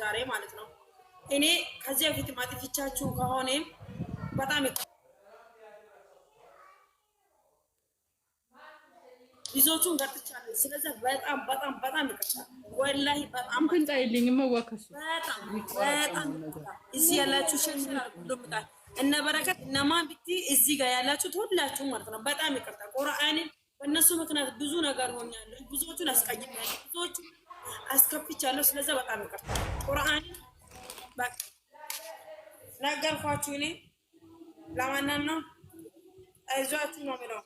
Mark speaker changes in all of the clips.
Speaker 1: ዛሬ ማለት ነው። እኔ ከዚያ በፊት ማጥፍቻችሁ ከሆነ በጣም ብዙዎቹን ገጥቻለሁ። ስለዚህ በጣም በጣም በጣም ይቀርታል። ወላሂ በጣም
Speaker 2: በጣም
Speaker 1: በጣም እዚህ ያላችሁ እነ በረከት እነማን ብቲ እዚህ ጋር ያላችሁት ሁላችሁ ማለት ነው። በጣም ይቀርታል። ቁርአንን በእነሱ ምክንያት ብዙ ነገር ሆኛለሁ። ብዙዎቹን አስቀይሜያለሁ። ብዙዎቹ አስከፍቻለሁ። ስለዛ በጣም ይቅርታ። ቁርአንን ነገርኳችሁ። እኔ ለማንን ነው አይዟችሁ ነው የሚለው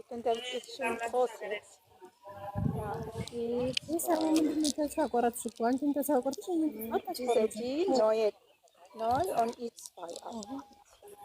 Speaker 1: ተስፋ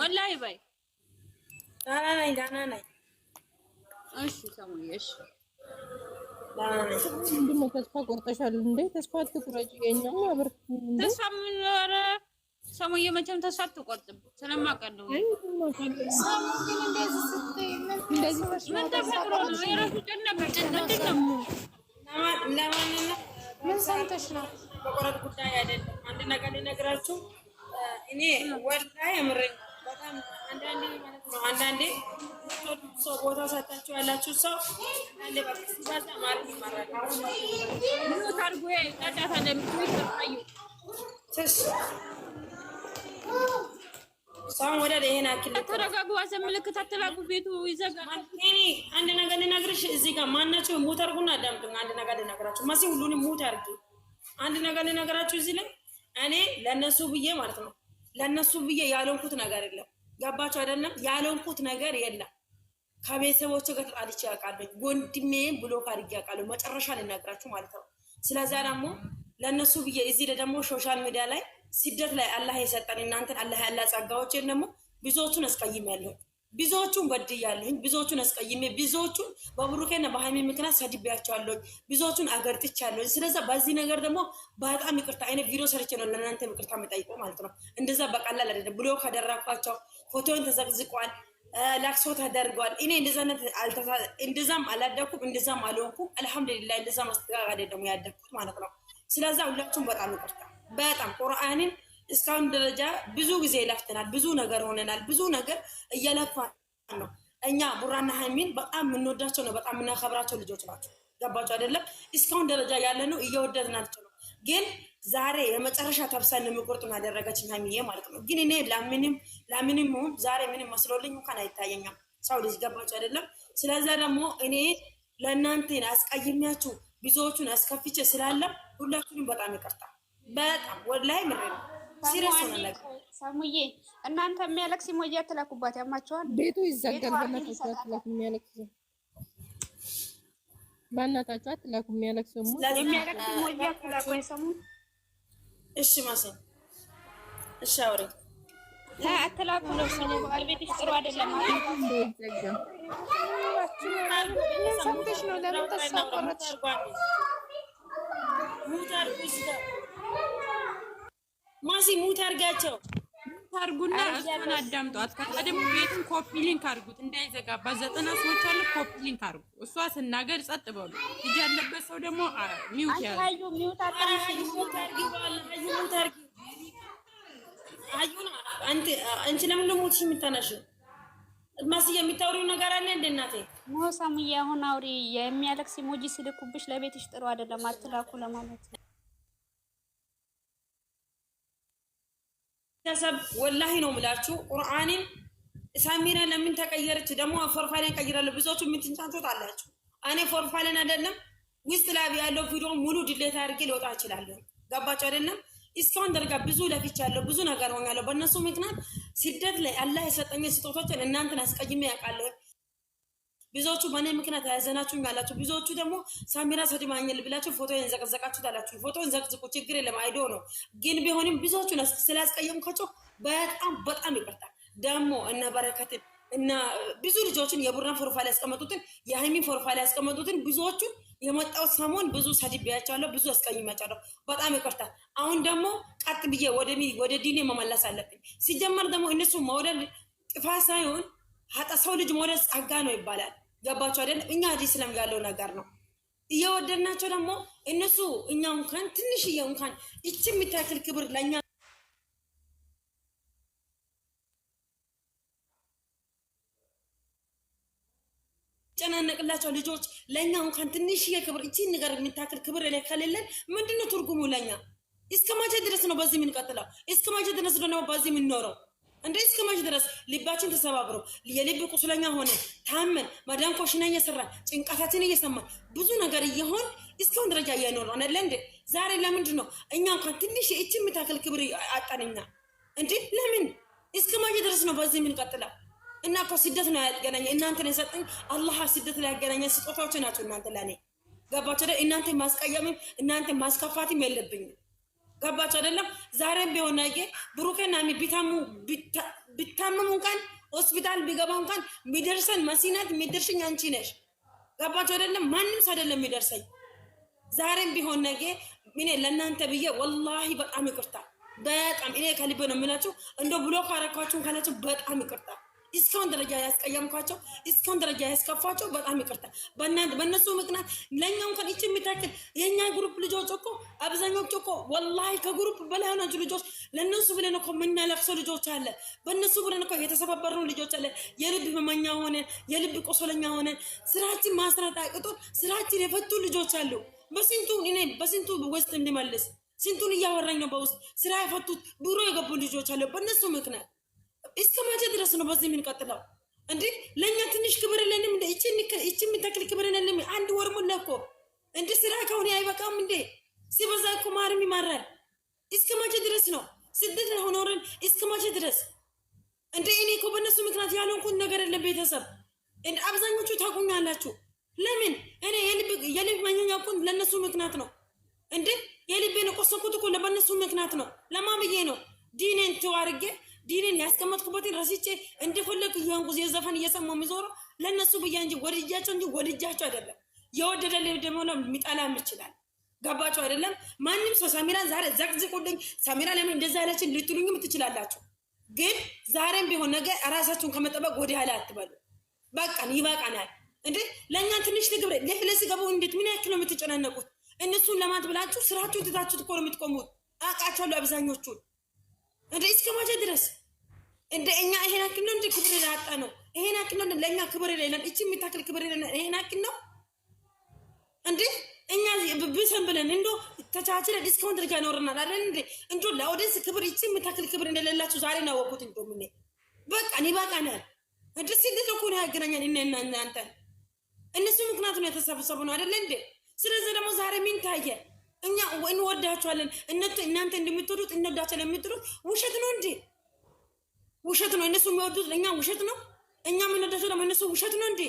Speaker 1: ወላሂ በይ ደህና ነኝ፣ ደህና ነኝ።
Speaker 2: እሺ ሰሞኑን እሺ ምንድን ተስፋ ቆርጠሻል እንዴ? ተስፋ አትቁረጭ። የእኛም አብር ተስፋ ምን ኧረ ሰሞኑን መቼም ተስፋ አትቆርጥም ስለማውቀለው ምን ተፈጥሮ ነው?
Speaker 1: በቆረጥ ጉዳይ አይደለም። አንድ ነገር ሊነግራችሁ እኔ ወላ የምረኝ በጣም አንዳንዴ ማለት ነው። አንዳንዴ ሰው ቦታ ሰጣችሁ ያላችሁ ሰው አንዳንዴ በዛ ማለት ይመራል። ሰውን ወደ ይሄን አክል
Speaker 2: ተረጋጉ። ዋዘን ምልክት አትላቁ። ቤቱ ይዘጋል።
Speaker 1: አንድ ነገር ልነግርሽ እዚህ ጋር ማናቸው ሙት አድርጉና አዳምጡኝ። አንድ ነገር ልነግራችሁ መሲ ሁሉንም ሙት አድርጊ አንድ ነገር ልነገራችሁ እዚህ ላይ እኔ ለእነሱ ብዬ ማለት ነው ለእነሱ ብዬ ያለንኩት ነገር የለም። ገባችሁ አይደለም? ያለንኩት ነገር የለም። ከቤተሰቦች ጋር ተጣልቼ ያውቃለሁ። ወንድሜን ብሎ አድርጌ ያውቃለሁ። መጨረሻ ልነግራችሁ ማለት ነው። ስለዚያ ደግሞ ለእነሱ ብዬ እዚህ ደግሞ ሶሻል ሚዲያ ላይ ስደት ላይ አላህ የሰጠን እናንተን አላህ ያላ ጸጋዎችን ደግሞ ብዙዎቹን አስቀይም አስቀይሜያለሁ። ብዙዎቹን በድያለሁ፣ ብዙዎቹን አስቀይሜ፣ ብዙዎቹን በብሩኬና በሃይሚ ምክንያት ሰድቤያቸዋለሁ፣ ብዙዎቹን አገርጥቻለሁ። ስለዚ በዚህ ነገር ደግሞ በጣም ይቅርታ አይነት ቪዲዮ ሰርቼ ነው ለእናንተ ይቅርታ የምጠይቀው ማለት ነው። እንደዛ በቀላል አይደለም። ብሎ ከደረኳቸው ፎቶን ተዘቅዝቋል፣ ላክሶ ተደርጓል። እኔ እንደዛም አላደኩም፣ እንደዛም አልሆንኩም። አልሐምዱሊላ እንደዛ ማስተጋጋደ ደግሞ ያደኩት ማለት ነው። ስለዛ ሁላችሁም በጣም ይቅርታ በጣም ቁርአንን እስካሁን ደረጃ ብዙ ጊዜ ለፍተናል። ብዙ ነገር ሆነናል። ብዙ ነገር እየለፋ ነው። እኛ ቡራና ሀይሚን በጣም የምንወዳቸው ነው፣ በጣም የምናከብራቸው ልጆች ናቸው። ገባቸው አይደለም? እስካሁን ደረጃ ያለ ነው እየወደድናቸው ነው። ግን ዛሬ የመጨረሻ ተብሰን የምቁርጥ ያደረገችን ሀይሚዬ ማለት ነው። ግን እኔ ለምንም ለምንም ሁን ዛሬ ምንም መስሎልኝ እንኳን አይታየኛም ሰው ልጅ ገባቸው አይደለም? ስለዛ ደግሞ እኔ ለእናንተን አስቀይሚያችሁ ብዙዎቹን አስከፍቼ ስላለ ሁላችሁንም በጣም ይቅርታ በጣም ወላሂ ምሬ ነው። ሲሪየስ
Speaker 2: ሰሙዬ እናንተ የሚያለቅስ ሲሞዬ አትላኩባት፣ ያማቸዋል። ቤቱ ይዘጋል። በእናታችሁ አትላኩ፣ የሚያለቅስ በእናታችሁ አትላኩ፣ የሚያለቅስ ሰው የሚያለቅስ ሲሞዬ አትላኩ። የሰሙ
Speaker 1: እሺ፣ ማሰ እሺ፣ አውሪ
Speaker 2: አትላኩ ነው ሰሙ። ባለቤትሽ ጥሩ አይደለም ማለት ሰምተሽ ነው። ለምን ተስፋ ቆረጥሽ?
Speaker 1: ማሲ ሙት አድርጋቸው
Speaker 2: አድርጉና እሱን አዳምጧት። ከዛ ቤቱን ኮፒ ሊንክ አድርጉት እንዳይዘጋባ። ዘጠና ሰዎች አለ። ኮፒ ሊንክ አድርጉ። እሷ ስናገር ጸጥ በሉ። ልጅ ያለበት ሰው ደግሞ ሚውት ያለ
Speaker 1: አንቺ ለምን ሞትሽ የምታናሽ ማስዬ የሚታወሪው ነገር አለ እንደ እናቴ
Speaker 2: ሞሳሙዬ አሁን አውሪ የሚያለቅስ ኢሞጂ ሲልኩብሽ ለቤትሽ ጥሩ አይደለም፣ አትላኩ ለማለት ነው።
Speaker 1: ቤተሰብ ወላሂ ነው ምላችሁ ቁርአንን ሳሚራ ለምን ተቀየረች? ደግሞ ፎርፋይልን ቀይራለሁ። ብዙዎቹ የምትንጫጩት አላችሁ። እኔ ፎርፋይልን አይደለም ውስጥ ላይ ያለው ቪዲዮ ሙሉ ድሌት አድርጌ ሊወጣ እችላለሁ። ገባችሁ አይደለም? እስካሁን ደርጋ ብዙ ለፊች ያለው ብዙ ነገር ሆኛለሁ። በእነሱ ምክንያት ስደት ላይ አላህ የሰጠኝ ስጦቶችን እናንተን አስቀይሜ ያውቃለሁ። ብዙዎቹ በእኔ ምክንያት ያዘናችሁ ያላችሁ፣ ብዙዎቹ ደግሞ ሳሚራ ሰድባኛል ብላችሁ ፎቶ ዘቀዘቃችሁት አላችሁ። ፎቶ ዘቅዝቁ፣ ችግር የለም አይዶ ነው። ግን ቢሆንም ብዙዎቹ ስላስቀየምኳቸው በጣም በጣም ይቅርታል። ደግሞ እነ በረከትን እና ብዙ ልጆችን የቡራን ፕሮፋይል ያስቀመጡትን የሃይሚን ፕሮፋይል ያስቀመጡትን ብዙዎቹን የመጣው ሰሞን ብዙ ሰድቤያቸዋለሁ፣ ብዙ አስቀይሜያቸዋለሁ። በጣም ይቅርታ። አሁን ደግሞ ቀጥ ብዬ ወደ ወደ ዲኔ መመለስ አለብኝ። ሲጀመር ደግሞ እነሱ መውደድ ጥፋት ሳይሆን ሀጠ ሰው ልጅ መውደድ ጸጋ ነው ይባላል። ገባቸው አይደል? እኛ አዲስ ለም ያለው ነገር ነው እየወደድናቸው ደግሞ እነሱ እኛ እንኳን ትንሽዬ እንኳን ይቺ የሚታክል ክብር ለእኛ ጨናነቅላቸው ልጆች ለእኛ እንኳን ትንሽዬ ክብር እቺ ነገር የሚታክል ክብር ላይ ከሌለን ምንድነው ትርጉሙ ለእኛ? እስከ መቼ ድረስ ነው በዚህ የምንቀጥለው? እስከ መቼ ድረስ ነው በዚህ የምንኖረው? እንዴ እስከ መች ድረስ ልባችን ተሰባብሮ የልብ ቁስለኛ ሆነ ታመን መዳን ኮሽና እየሰራ ጭንቀታችን እየሰማን ብዙ ነገር እየሆን እስካሁን ደረጃ እየኖር ነው አለ። እንዴ ዛሬ ለምንድን ነው እኛ እንኳን ትንሽ እቺ የምታክል ክብር አጣንኛ? እንዲ? ለምን እስከ መች ድረስ ነው በዚህ የምንቀጥለው? እና እኮ ስደት ነው ያገናኘ እናንተን የሰጠን አላህ ስደት ላይ ያገናኘ ስጦታዎች ናቸው እናንተ ለእኔ ገባቸው። እናንተ ማስቀየምም እናንተ ማስከፋትም የለብኝም ገባቸው አይደለም። ዛሬም ቢሆን ይ ብሩኬና ቢታመሙ እንኳን ሆስፒታል ቢገባ እንኳን ሚደርሰን መሲናት የሚደርሽኝ አንቺ ነሽ። ገባቸው አይደለም። ማንም ሰው አይደለም የሚደርሰኝ። ዛሬም ቢሆን ነገ እኔ ለእናንተ ብዬ ወላሂ በጣም ይቅርታ፣ በጣም እኔ ከልቤ ነው የምላችሁ። እንደ ብሎ ካረኳችሁን ካላችሁ በጣም ይቅርታ እስካሁን ደረጃ ያስቀየምኳቸው እስካሁን ደረጃ ያስከፋቸው በጣም ይቅርታ። በእናንተ በእነሱ ምክንያት ለእኛ እንኳን ይች የሚታክል የእኛ ግሩፕ ልጆች እኮ አብዛኞቹ እኮ ወላሂ ከግሩፕ በላይ ሆናችሁ ልጆች ለእነሱ ብለን እኮ የምናለቅሰው ልጆች አለ። በእነሱ ብለን እኮ የተሰባበርነው ልጆች አለ። የልብ ህመምተኛ ሆነ የልብ ቆሶለኛ ሆነ ስራችን ማስራት አቅቶን ስራችን የፈቱ ልጆች አሉ። በስንቱ እኔ በስንቱ ውስጥ እንዲመልስ ስንቱን እያወራኝ ነው። በውስጥ ስራ የፈቱት ብሮ የገቡ ልጆች አለ በእነሱ ምክንያት እስከ መቼ ድረስ ነው በዚህ የምንቀጥለው? እንዴ ለእኛ ትንሽ ክብር የለንም? እቺ የምታክል ክብር የለንም? አንድ ወር ሙላ እኮ ስራ ከሆነ አይበቃም እንዴ? ሲበዛ እኮ ማርም ይማራል። እስከ መቼ ድረስ ነው ስደት ሆኖረን? እስከ መቼ ድረስ እንደ እኔ እኮ በእነሱ ምክንያት ያለንኩን ነገር የለም። ቤተሰብ አብዛኞቹ ታቁኛላችሁ። ለምን እኔ የልብ መኛኛ ለእነሱ ምክንያት ነው እንዴ የልቤን ቆሰኩት እኮ ለበእነሱ ምክንያት ነው። ለማን ብዬ ነው ዲኔን ትዋርጌ ዲኔን ያስቀመጥኩበትን ረስቼ እንደፈለግ እያንጉዝ የዘፈን እየሰማ የሚዞረው ለእነሱ ብያ እንጂ ወድጃቸው እንጂ ወድጃቸው አይደለም። የወደደ ደግሞ ነው የሚጠላም ይችላል። ገባቸው አይደለም። ማንም ሰው ሳሚራን ዛሬ ዘቅዝቁልኝ፣ ሳሚራ ለምን እንደዛ ያለችን ልትሉኝም ትችላላችሁ። ግን ዛሬም ቢሆን ነገ ራሳችሁን ከመጠበቅ ወደ ኋላ አትበሉ። በቃን ይበቃናል። እንዴ ለእኛን ትንሽ ትግብረ ለፍለስ ገቡ። እንዴት ምን ያክል ነው የምትጨናነቁት? እነሱን ለማት ብላችሁ ስራችሁን ትታችሁ እኮ ነው የምትቆሙት። አውቃቸዋለሁ አብዛኞቹን እንደ እስከ መቼ ድረስ እንደ እኛ ይሄን አክል ነው እንደ ክብር ያጣ ነው። ይሄን አክል ነው ለእኛ ክብር የለም። እቺ የሚታክል ክብር ይሄን አክል ነው እንዴ እኛ ብሰን ብለን እንዶ ተቻችለ ዲስካውንት ልጋ ይኖርናል አለን እንዴ እንዶ ለኦዲንስ ክብር ይቺ የምታክል ክብር እንደሌላችሁ ዛሬ ነው ያወቁት። እንዶ ምን በቃ እኔ በቃ ነ እንዴስ እንዴት እኮ ነው ያገናኛል እኔ እና እናንተ እነሱ ምክንያቱ ነው የተሰበሰቡ ነው አይደለ እንዴ። ስለዚህ ደግሞ ዛሬ ምን ታየ? እኛ እንወዳቸዋለን። እናንተ እንደምትወዱት እንወዳቸዋለን የምትሉት ውሸት ነው እንዴ? ውሸት ነው። እነሱ የሚወዱት ለእኛ ውሸት ነው። እኛ የምንወዳቸው ደግሞ እነሱ ውሸት ነው እንዴ?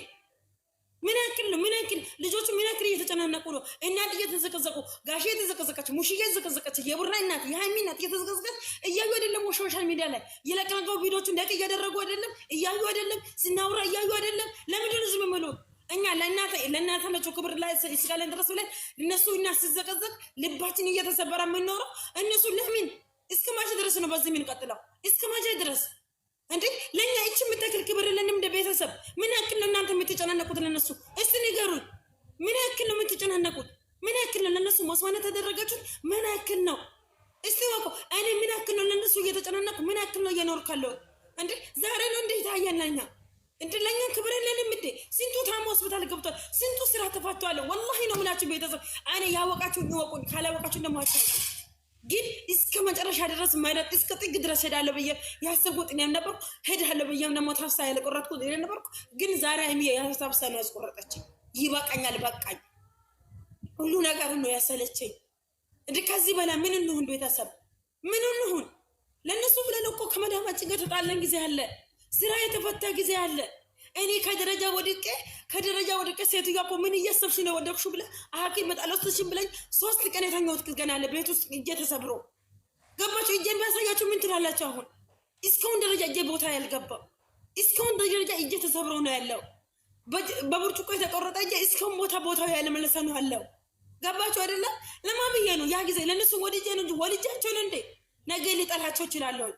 Speaker 1: ምን ያክል ነው? ምን ያክል ልጆቹ ምን ያክል እየተጨናነቁ ነው? እናት እየተዘቀዘቁ፣ ጋሼ እየተዘቀዘቀች፣ ሙሽዬ እየተዘቀዘቀች፣ የቡራ እናት የሃይሚ እናት እየተዘቀዘቀች እያዩ አይደለም? ሶሻል ሚዲያ ላይ የለቀቀው ቪዲዮቹ እንዳቅ እያደረጉ አይደለም? እያዩ አይደለም? ስናውራ እያዩ አይደለም? ለምንድን ዝም ምሉት? እኛ ለእናተ መቸው ክብር ላይ እስካለን ድረስ ብለን እነሱ እና ስዘቀዘቅ ልባችን እየተሰበረ የምንኖረው እነሱ ለምን እስከ መቼ ድረስ ነው በዚህ የምንቀጥለው? እስከ መቼ ድረስ እንዴ? ለእኛ እች የምታክል ክብር ለን እንደ ቤተሰብ ምን ያክል ነው እናንተ የምትጨናነቁት ለነሱ? እስቲ ንገሩኝ። ምን ያክል ነው የምትጨናነቁት? ምን ያክል ነው ለነሱ መስዋዕት ተደረጋችሁት? ምን ያክል ነው እስቲ ወቁ። እኔ ምን ያክል ነው ለነሱ እየተጨናነቁ ምን ያክል ነው እየኖር ካለው እንዴ? ዛሬ ነው እንዴ ታያለኛ እንደ ለኛ ክብር የለንም እንዴ? ስንቱ ታሞ ሆስፒታል ገብቷል። ስንቱ ስራ ተፋቷል። ወላሂ ነው ምላችሁ ቤተሰብ፣ እኔ ያወቃችሁ እንወቁን፣ ካላወቃችሁ እንደማታውቁ ግን እስከ መጨረሻ ድረስ ማለት እስከ ጥግ ድረስ ሄዳለሁ ብዬ ያሰብኩት እኔም ነበርኩ። ሄዳለሁ ብዬም ደግሞ ታፍሳ ያልቆረጥኩ እኔ ነበርኩ። ግን ዛሬ ሀይሚ ታፍሳ ነው ያስቆረጠችኝ። ይበቃኛል፣ በቃኝ። ሁሉ ነገር ነው ያሰለቸኝ። እንደ ከዚህ በላይ ምን እንሁን? ቤተሰብ ምን እንሁን? ለእነሱ ብለን እኮ ከመዳማችን ጋር ተጣለን ጊዜ አለ ስራ የተፈታ ጊዜ አለ። እኔ ከደረጃ ወድቄ ከደረጃ ወድቄ ሴትዮዋ እኮ ምን እያሰብሽ ነው ብለ ብለህ ሐኪም መጣለስትሽን ብለኝ ሶስት ቀን የተኛሁት ገና አለ ቤት ውስጥ እጄ ተሰብሮ ገባችሁ። እጄን ቢያሳያችሁ ምን ትላላችሁ? አሁን እስካሁን ደረጃ እጄ ቦታ ያልገባ እስካሁን ደረጃ እጄ ተሰብሮ ነው ያለው። በብርጭቆ የተቆረጠ እጄ እስካሁን ቦታ ቦታው ያለመለሰ ነው አለው። ገባችሁ አይደለም? ለማን ነው ያ ጊዜ ለእነሱ ወድጄ ነው እንጂ ወድጃቸው ነው እንዴ? ነገ ሊጠላቸው ይችላለሁ።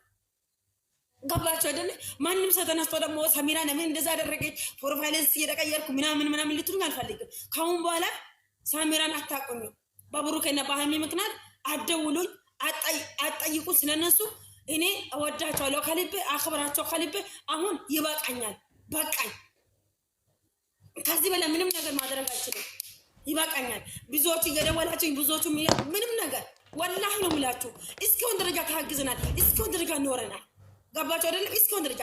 Speaker 1: ገባቸው አይደለ? ማንም ሰው ተነስቶ ደግሞ ሰሚራ ለምን እንደዛ አደረገች ፕሮፋይለንስ እየተቀየርኩ ምናምን ምናምን ልትሉኝ አልፈልግም። ከአሁን በኋላ ሳሚራን አታቆኙ። በብሩኬና በሃይሚ ምክንያት አደውሉኝ፣ አጠይቁ ስለነሱ። እኔ እወዳቸዋለሁ ከልቤ አክብራቸው ከልቤ። አሁን ይበቃኛል፣ በቃኝ። ከዚህ በላይ ምንም ነገር ማድረግ አልችልም። ይበቃኛል። ብዙዎቹ እየደወላቸው ብዙዎቹ ምንም ነገር ወላህ ነው የምላችሁ። እስኪሆን ደረጃ ታግዘናል፣ እስኪሆን ደረጃ ኖረናል። ገባቸው አይደለም? እስኪሆን ደረጃ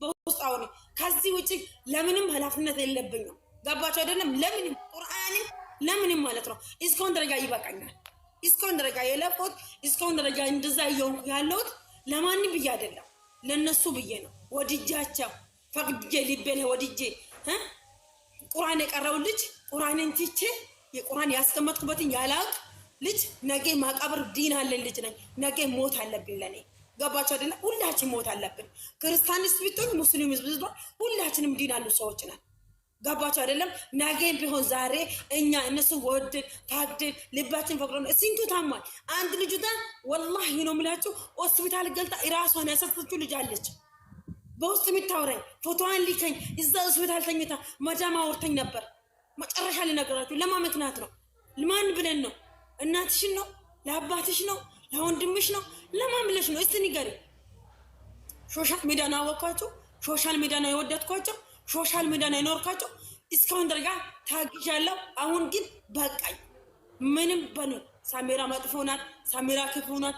Speaker 1: በውስጥ አሁን ከዚህ ውጭ ለምንም ኃላፊነት የለብኝም። ገባቸው አይደለም? ለምንም ቁርአንን ለምንም ማለት ነው። እስኪሆን ደረጃ ይበቃኛል። እስኪሆን ደረጃ የለቆት እስኪሆን ደረጃ እንደዛ እየሆንኩ ያለሁት ለማንም ብዬ አይደለም፣ ለነሱ ብዬ ነው። ወድጃቸው ፈቅድጄ ልቤ ላይ ወድጄ ቁርአን የቀረው ልጅ ቁርአንን ትቼ የቁርአን ያስቀመጥኩበትን ያላቅ ልጅ ነገ ማቀብር ዲን አለን ልጅ ነኝ። ነገ ሞት አለብኝ ለኔ ገባቸው አይደለ? ሁላችን ሞት አለብን። ክርስቲያንስ ህዝብ ብትሆን፣ ሙስሊም ብትሆን፣ ሁላችንም ዲን አሉ ሰዎች ነን። ገባቸው አይደለም? ነገም ቢሆን ዛሬ እኛ እነሱ ወድን ታግድን ልባችን ፈቅዶ ስንቱ ታሟል። አንድ ልጅታ ወላሂ ነው የምላችሁ ሆስፒታል ገልጣ ሆነ ያሰፈችው ልጅ አለች። በውስጥ የምታወራኝ ፎቶዋን ሊከኝ እዛ ሆስፒታል ተኝታ መዳም አውርተኝ ነበር። መጨረሻ ልነገራችሁ ለማ ምክንያት ነው። ልማን ብለን ነው? እናትሽን ነው? ለአባትሽ ነው? ለወንድምሽ ነው ለማን ብለሽ ነው? እስቲ ንገሪ። ሶሻል ሚዲያ ነው ያወቅኳቸው፣ ሶሻል ሚዲያ ነው የወደድኳቸው፣ ሶሻል ሚዲያ ነው የኖርኳቸው። እስካሁን ደረጃ ታግዣለሁ። አሁን ግን በቃኝ። ምንም በኑ ሳሜራ መጥፎ ናት፣ ሳሜራ ክፉ ናት፣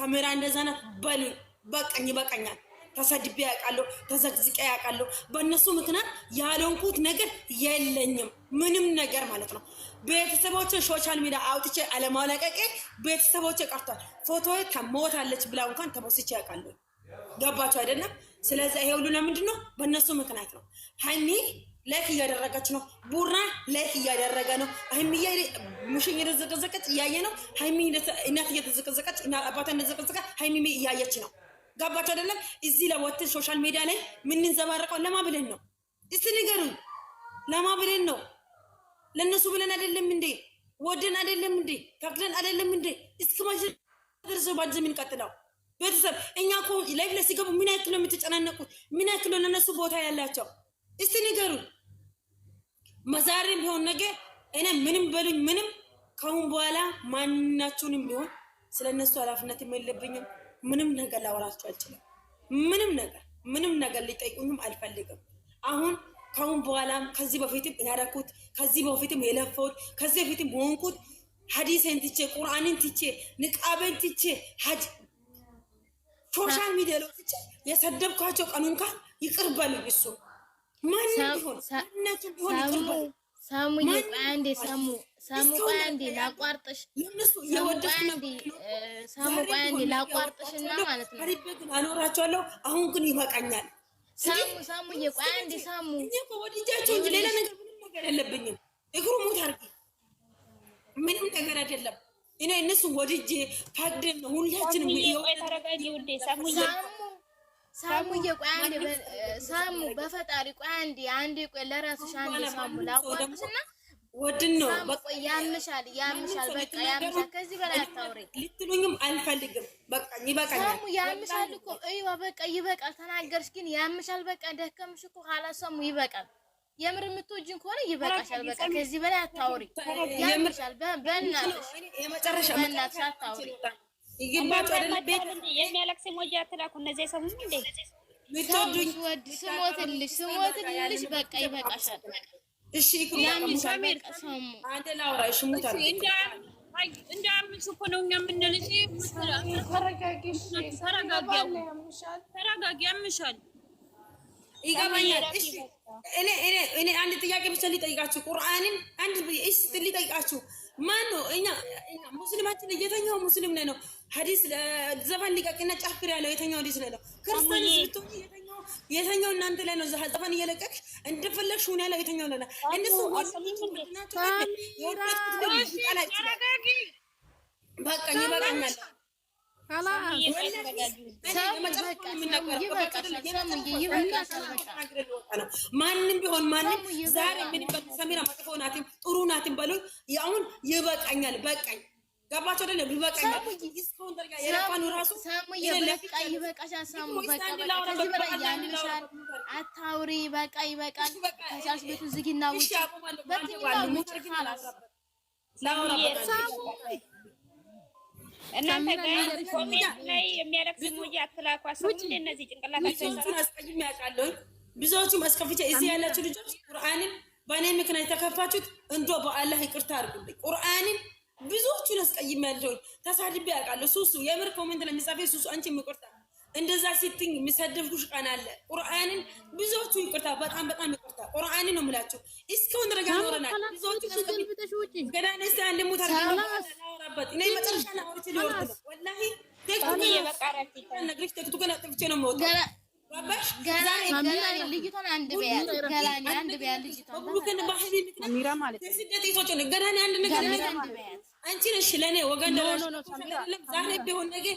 Speaker 1: ሳሜራ እንደዛ ናት በሉ። በቃኝ፣ በቃኛል ተሰድቤ ያውቃለሁ፣ ተዘግዝቄ ያውቃለሁ። በእነሱ ምክንያት ያለንኩት ነገር የለኝም ምንም ነገር ማለት ነው። ቤተሰቦችን ሶሻል ሚዲያ አውጥቼ አለማለቀቄ ቤተሰቦች ቀርቷል። ፎቶ ተሞታለች ብላ እንኳን ተሞስቼ ያውቃለሁ። ገባቸው አይደለም? ስለዚህ ይሄ ሁሉ ለምንድን ነው? በእነሱ ምክንያት ነው። ሀኒ ላይክ እያደረገች ነው። ቡራ ላይክ እያደረገ ነው። ሀይሚያ ሙሽኝ እየተዘቀዘቀች እያየ ነው። ሀይሚ እናት እየተዘቀዘቀች እናት አባታ እየተዘቀዘቀ ሀይሚ እያየች ነው። ገባቸው አይደለም? እዚህ ለወትን ሶሻል ሚዲያ ላይ የምንንዘባረቀው ለማ ብለን ነው? እስቲ ንገሩኝ። ለማ ብለን ነው? ለእነሱ ብለን አይደለም እንዴ? ወደን አይደለም እንዴ? ፈቅደን አይደለም እንዴ? እስከ መቼ ደርሶ ባጅ የምንቀጥለው ቤተሰብ? እኛ እኮ ላይፍ ላይ ሲገቡ ምን ያክል ነው የምትጨናነቁት? ምን ያክል ነው ለእነሱ ቦታ ያላቸው? እስቲ ንገሩኝ። መዛሬም ቢሆን ነገ እኔ ምንም በሉኝ ምንም፣ ከአሁን በኋላ ማናችሁንም ቢሆን ስለ እነሱ ኃላፊነት የለብኝም። ምንም ነገር ላወራቸው አልችልም። ምንም ነገር ምንም ነገር ሊጠይቁኝም አልፈልግም። አሁን ካሁን በኋላም ከዚህ በፊትም ያደረኩት ከዚህ በፊትም የለፈውት ከዚህ በፊትም ሆንኩት ሀዲሴን ትቼ ቁርአንን ትቼ ንቃቤን ትቼ ሀጅ ሶሻል ሚዲያ ላይ ትቼ የሰደብኳቸው ቀኑን ካል ይቅር በሉ እሱ ማንም ቢሆን
Speaker 2: ነቱ ቢሆን ይቅር በሉ ሳሙ አንዴ ሳሙ ሳሙቃይ አንዴ ላቋርጥሽ፣ ሳሙቃይ አንዴ ላቋርጥሽና ማለት ነው።
Speaker 1: ግን አኖራቸዋለሁ። አሁን ግን ይበቃኛል።
Speaker 2: ሳሙ ሳሙዬ፣ ቆይ አንዴ ሳሙ፣
Speaker 1: ወድጃቸው እንጂ ሌላ ነገር ምንም ነገር የለብኝም። እግሩ ሞት አድርጌ ምንም ነገር አይደለም። እኔ እነሱ ወድጄ ፈቅደን ሁላችንም
Speaker 2: ሳሙዬ ቆይ አንዴ ሳሙ፣ በፈጣሪ ቆይ አንዴ አንዴ፣ ቆይ ለራስሽ አንዴ ሳሙ ላቋርጥሽና ወድን ነው በቃ ያምሻል፣ ያምሻል፣ በቃ ያምሻል። ከዚህ በላይ አታውሪ
Speaker 1: ልትሉኝም አልፈልግም። በቃ ይበቃኛል።
Speaker 2: ያምሻል እኮ እዩዋ፣ በቃ ይበቃል። ተናገርሽ ግን ያምሻል። በቃ ደከምሽ እኮ ካላሰሙ ይበቃል። የምር የምትወጂን ከሆነ ይበቃሻል። በቃ ከዚህ በላይ አታውሪ። ያምሻል። በእናትሽ የመጨረሻ በእናትሽ አታውሪ። የሚያለቅስ ሞጃ አትላኩ። እነዚህ አይሰሙም እንዴ? ስሞትልሽ፣ ስሞትልሽ፣ በቃ ይበቃሻል። እሺ ላውራ እንዳያምሽ እኮ ነው እኛ የምንልሽ። ተረጋጊ፣ ያምሻል።
Speaker 1: ይገባኛል። እኔ አንድ ጥያቄ ብቻ ሊጠይቃችሁ ቁርአንን አንድ እሺ ሊጠይቃችሁ ማን ነው? እኛ ሙስሊማችን የተኛው ሙስሊም ነው ሀዲስ ዘፈን ሊቀቅና ጨፍር ያለው የተኛው ሀዲስ ነው ነው ክርስቲያን የተኛው እናንተ ላይ ነው። እዛ ሀዘፋን እየለቀቅሽ እንደፈለግሽ ሁን ያለው የተኛው ነው። እነሱ በቃ
Speaker 2: ይበቃኛል።
Speaker 1: ማንም ቢሆን ማንም ዛሬ ምን ሰሚራ መጥፎ ናትም ጥሩ ናትም በሉኝ። አሁን ይበቃኛል፣ በቃኝ ገባቸው ደለ ይበቃኛል።
Speaker 2: አታውሪ፣ በቃ ይበቃል። ከቻልሽ ቤቱ ዝጊና ውጪ። እናንተ ኮሜንት ላይ የሚያለቅስ ሙዬ አትላኳስ። እነዚህ ጭንቅላታቸው
Speaker 1: አስቀይሜ ያውቃለሁ። ብዙዎቹ አስከፍቼ እዚህ ያላችሁ ልጆች ቁርአንን በእኔ ምክንያት የተከፋችሁት እንዶ በአላህ ይቅርታ አድርጉልኝ ቁርአንን ብዙዎቹን አስቀይም ያለውን ተሳድቤ ያውቃለሁ። ሱሱ የምር ኮሜንት ለሚጻፈ ሱሱ አንቺ ምቁርታ እንደዛ ሲትኝ የሚሰደብኩሽ ቀን አለ። ቁርአንን ብዙዎቹ ይቅርታ፣ በጣም በጣም ይቅርታ። ቁርአንን ነው የምላቸው። እስካሁን ድረስ ኖረናል። ብዙዎቹ ገና ነስ አንድ ሙት
Speaker 2: አላወራበት
Speaker 1: እኔ መጨረሻ ላወርች ወላሂ ቴክቱ ነግሪሽ ቴክቱ ገና ጥፍቼ ነው መወጣ ልጅቷን አንድ በያት አንቺ ነሽ ለእኔ ወገን ዛሬ ቢሆን ነገ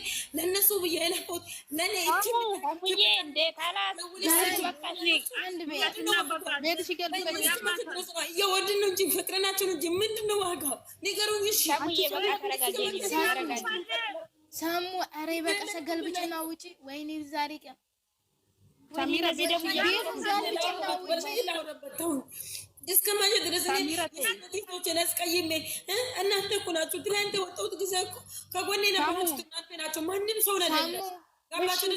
Speaker 2: ሰሙ ኧረ በቀሰ ገልብጭና ውጪ ወይኔ ዛሬ ቀን
Speaker 1: እስከማሸ ድረስ ቲቶችን እናንተ እኮ ናችሁ። ትላንት የወጣሁት ጊዜ እኮ ከጎኔ ነበራችሁ እናንተ ናቸው። ማንም ሰው ያስቀየማችሁ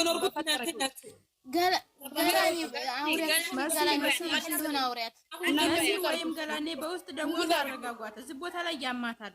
Speaker 1: የኖርኩት እናንተ ናችሁ።
Speaker 2: ገላኔ በውስጥ ደግሞ አረጋጓት። እዚህ ቦታ ላይ ያማታል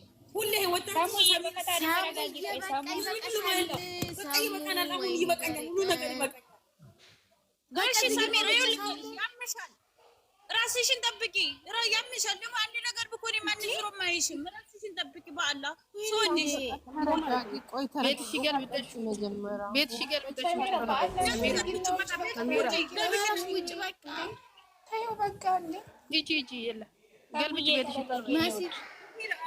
Speaker 1: ሁሌ ወጣቱ
Speaker 2: ይበቃኛል፣ ራስሽን ጠብቂ። ያምሻል ደግሞ አንድ ነገር ብኮን ማንዝሮ አይሽም። ራስሽን ጠብቂ። በአላ ሰውንሽ
Speaker 1: ቤትሽ ገልብጠሽ
Speaker 2: በቃ ሂጂ ሂጂ የለ ገልብጭ ቤትሽ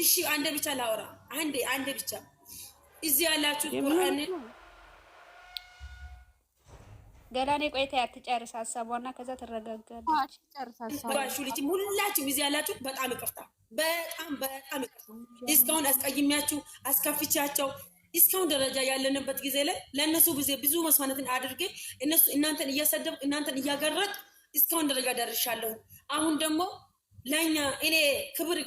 Speaker 1: እሺ አንዴ ብቻ ላውራ። አንዴ አንዴ ብቻ እዚህ ያላችሁት ቁርአን
Speaker 2: ገላኔ ቆይታ ያትጨርስ ሀሳቧና ከዛ ትረጋጋለች።
Speaker 1: ባሹ ልጅ ሁላችሁ እዚህ ያላችሁት በጣም ይቅርታ፣ በጣም በጣም ይቅርታ። እስካሁን አስቀይሜያችሁ አስከፍቻቸው እስካሁን ደረጃ ያለንበት ጊዜ ላይ ለእነሱ ጊዜ ብዙ መስዋዕትን አድርጌ እነሱ እናንተን እያሰደብ እናንተን እያገረጥ እስካሁን ደረጃ ደርሻለሁ። አሁን ደግሞ ለኛ እኔ ክብር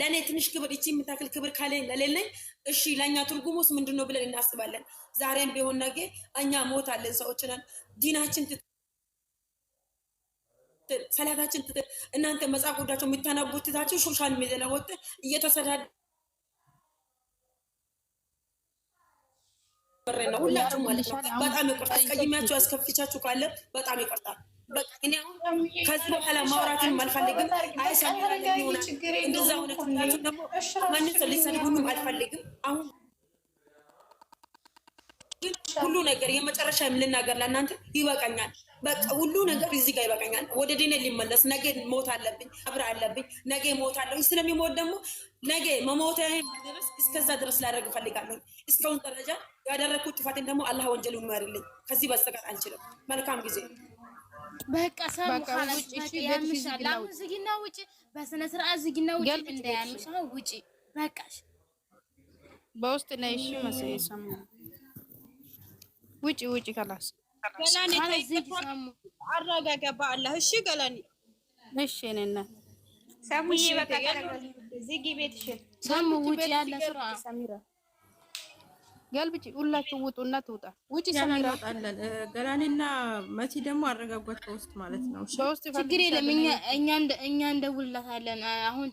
Speaker 1: ለእኔ ትንሽ ክብር እቺ የምታክል ክብር ለሌለኝ እሺ ለእኛ ትርጉሙስ ምንድን ነው ብለን እናስባለን። ዛሬም ቢሆን ነገ እኛ ሞት አለን ሰዎች ነን። ዲናችን ትትል ሰላታችን ትትል እናንተ መጽሐፍ ወዳቸው የምታነቡትታቸው ሶሻል ሚዲያ ላይ እየተሰዳ ነው ሁላችሁ ማለት ነው። በጣም ይቆርጣል። ቀይሚያቸው ያስከፍቻችሁ ካለ በጣም ይቆርጣል። እኔ ከዚህ በኋላ ማውራትንም አልፈልግም። እንደዛ እውነቱን ደግሞ ማንም ሰው አልፈልግም። ሁሉ ነገር የመጨረሻ ልናገር ለእናንተ ይበቃኛል። በቃ ሁሉ ነገር እዚህ ጋር ይበቃኛል። ወደ ዲኔ ሊመለስ ነገ ሞት አለብኝ፣ አብረ አለብኝ። ነገ ሞት አለብኝ። ስለሚሞት ደግሞ ነገ መሞታ ድረስ እስከዛ ድረስ ላደርግ እፈልጋለሁ። እስካሁን ደረጃ ያደረግኩት ጥፋትን ደግሞ አላህ ወንጀሉን ይማርልኝ። ከዚህ በስተቀር አንችልም። መልካም ጊዜ
Speaker 2: በቃ ዝጊና ውጪ፣ በስነ ስርዓት ዝጊና ውጪ፣ እንዳያምሽ ውጪ። በቃሽ በውስጥ ላይ እሺ መሰለኝ ሰሙ ውጪ ውጪ ከላስ አረጋጋ በአላህ እሺ ገላኔ እሺ ነና ሰሙዬ በቃ ዝጊ ቤትሽን ሰሙ ውጪ ያለ ስራ ሰሚራ ያልብጭ ሁላችሁ ውጡና ትውጣ ውጪ ሰሚራ ገላኔና መቲ ደግሞ አረጋጓት ከውስጥ ማለት ነው። ሶስት ችግር የለም። እኛ እኛ እንደውልላታለን አሁን